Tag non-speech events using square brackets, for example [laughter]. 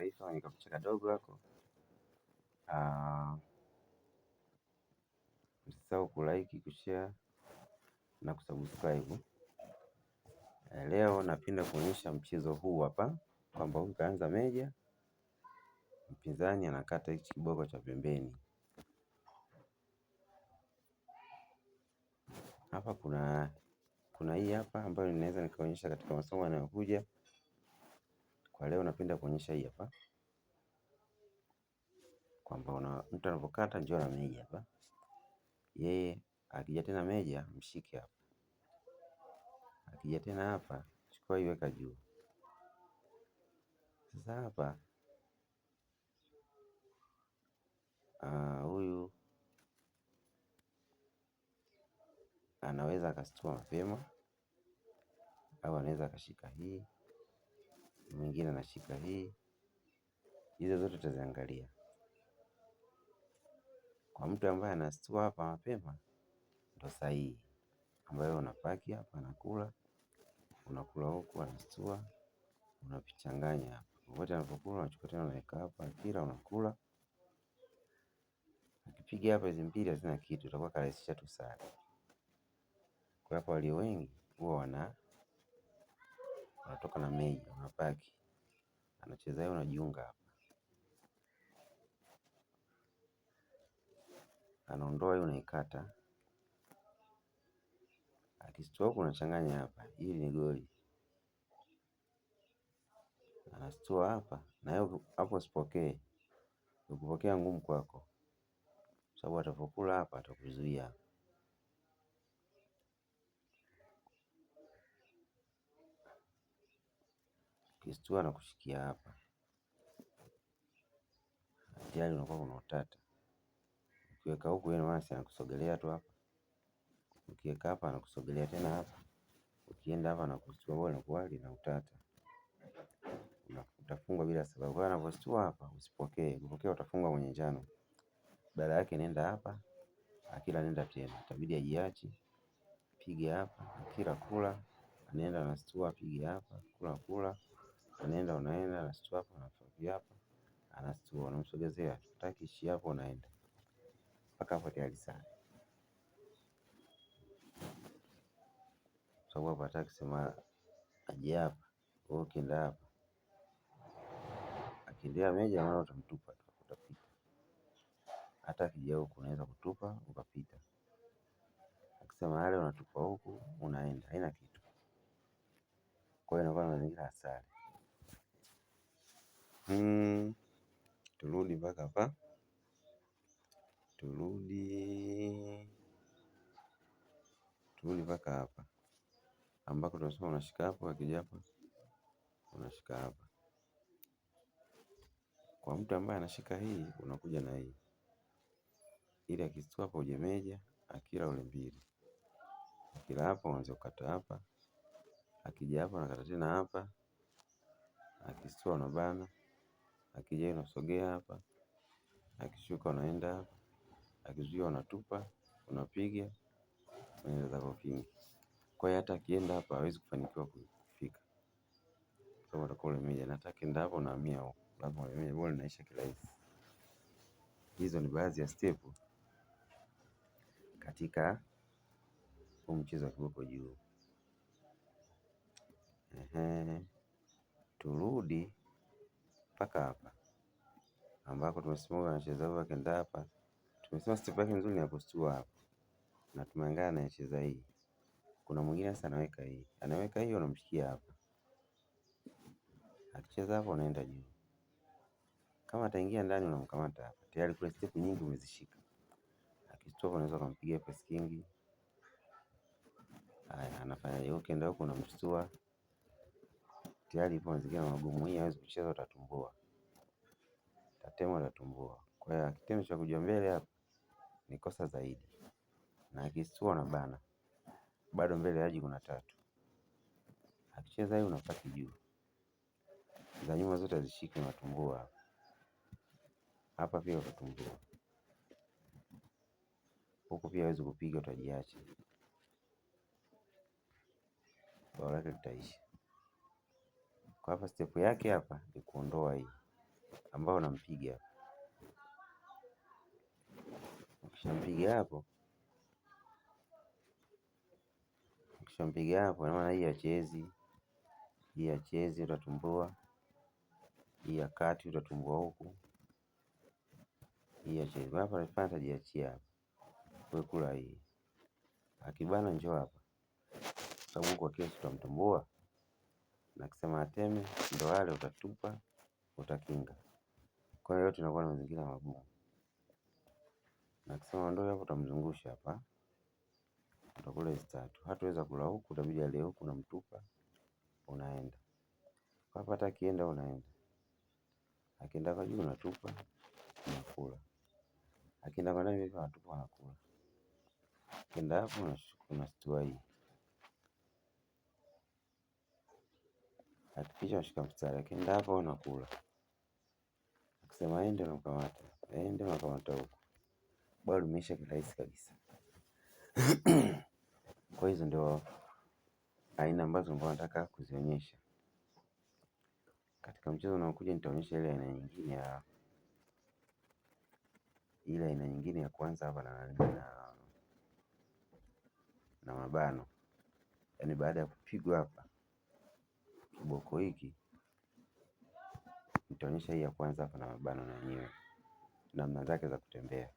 taifa kwenye kapicha kadogo hako. Ah, msisahau kulike, kushare na kusubscribe. Eh, leo napenda kuonyesha mchezo huu hapa kwamba huyu kaanza meja, mpinzani anakata hichi kiboko cha pembeni. Hapa kuna kuna hii hapa ambayo ninaweza nikaonyesha katika masomo yanayokuja. Kwa leo napenda kuonyesha hii hapa kwamba mtu anapokata njoo na meja hapa, yeye akija tena meja mshike hapa, akija tena hapa chukua iweka juu. Sasa hapa ah, huyu anaweza akastua mapema au anaweza akashika hii mwingine anashika hii. Hizo zote tutaziangalia. Kwa mtu ambaye anastua hapa mapema, ndo sahihi ambayo unapaki hapa, anakula unakula huku, anastua unavichanganya hapa, wote anapokula unachukua tena unaweka hapa, kila unakula ukipiga hapa, hizi mbili hazina kitu, utakuwa karahisisha tu sana. Kwa hapa walio wengi huwa wana anatoka na mei unapaki anacheza hiyo, unajiunga hapa, anaondoa hiyo unaikata, akistoka unachanganya hapa, hili ni goli, anastoa hapa na yeye hapo, usipokee. Ukipokea ngumu kwako, sababu atavokula hapa atakuzuia. Ukishtua na kushikia hapa tayari unakuwa kuna utata. Ukiweka huku yeye mwanasi anakusogelea tu hapa, ukiweka hapa anakusogelea tena hapa, ukienda hapa anakushtua, wewe unakuwa na utata, utafungwa bila sababu. Kwa anavyostua hapa usipokee, ukipokea utafungwa kwenye njano. Badala yake nenda hapa, akila nenda tena, itabidi ajiache, pige hapa, akila kula, anaenda anastua, piga hapa, kula kula Unaenda unaenda anastua hapo, anafika hapa, anastua, unamsogezea, tutaki ishi hapo, unaenda mpaka hapo tayari sana. Sababu hapa hataki sema aje hapa, wewe ukienda hapa, akiendea meja maana utamtupa tu, utapita. Hata akija huku unaweza kutupa ukapita, akisema yale unatupa huku, unaenda, haina kitu. Kwa hiyo inakuwa mazingira hatari. Hmm. turudi mpaka hapa, turudi turudi mpaka hapa ambako tunasema unashika hapo, akija hapa unashika hapa. Kwa mtu ambaye anashika hii, unakuja na hii ili akistua hapa uje meja, akila ule mbili, akila hapa uanze kukata hapa, akija hapa unakata tena hapa, akistua unabana akija unasogea hapa, akishuka unaenda hapa, akizuia unatupa, unapiga, unaenda zako kingi. Kwa hiyo hata akienda hapa hawezi kufanikiwa kufika, kama utakuwa ulemeja, na hata akienda hapo unahamia huko, lazima ulemeja, bora linaisha kirahisi. Hizo ni baadhi ya stepu katika huu mchezo wa kiboko juu. Turudi mpaka hapa ambako tumesema anacheza huyu akaenda hapa. Tumesema step yake nzuri ni ya kustua hapa, na tumeangana na anacheza hii. Kuna mwingine sasa anaweka hii, anaweka hiyo, anamshikia hapa, akicheza hapo anaenda juu. Kama ataingia ndani, unamkamata hapa tayari, kuna step nyingi umezishika. Akistua unaweza kumpigia pasi kingi. Haya, anafanya hiyo, ukienda huko unamstua tayari ipo mazingira magumu, hii hawezi kucheza, utatumbua, tatema, utatumbua. Kwa hiyo kitendo cha kuja mbele hapa ni kosa zaidi, na akistua na bana bado mbele yaji kuna tatu, akicheza hii unapaki juu, za nyuma zote azishike, unatumbua hapa hapa, pia utatumbua huku, pia hawezi kupiga, utajiacha bao lake litaisha. Kwa hapa step yake hapa ni kuondoa hii ambayo nampiga hapa. Ukishampiga hapo, ukishampiga hapo, na maana hii hachezi, hii hachezi, utatumbua hii ya kati, utatumbua huku, hii hachezi hapa, hapana, tajiachia hapa, wekula hii akibana, njoo hapa, sababu huku akesi utamtumbua na akisema ateme, ndo wale utatupa, utakinga. Kwa hiyo yote inakuwa na mazingira magumu, na akisema ndo hapo, utamzungusha hapa, utakula hizi tatu. Hatuweza kula huku, utabidi ale huku, unamtupa, unaenda hapa. Hata akienda unaenda, akienda kwa juu unatupa, unakula, akienda kwa ndani unatupa, unakula, akienda hapo unastua hii Hakikisha unashika mstari, akienda hapo unakula. Akisema ende unamkamata, ende unakamata huko, bado umeisha kirahisi kabisa. [clears throat] Kwa hizo ndio aina ambazo mbona nataka kuzionyesha katika mchezo unaokuja. Nitaonyesha ile aina nyingine ya ile aina nyingine ya kwanza hapa na, na, na mabano, yaani baada ya kupigwa hapa kiboko hiki nitaonyesha hii ya kwanza hapa na mabano na yenyewe namna zake za kutembea.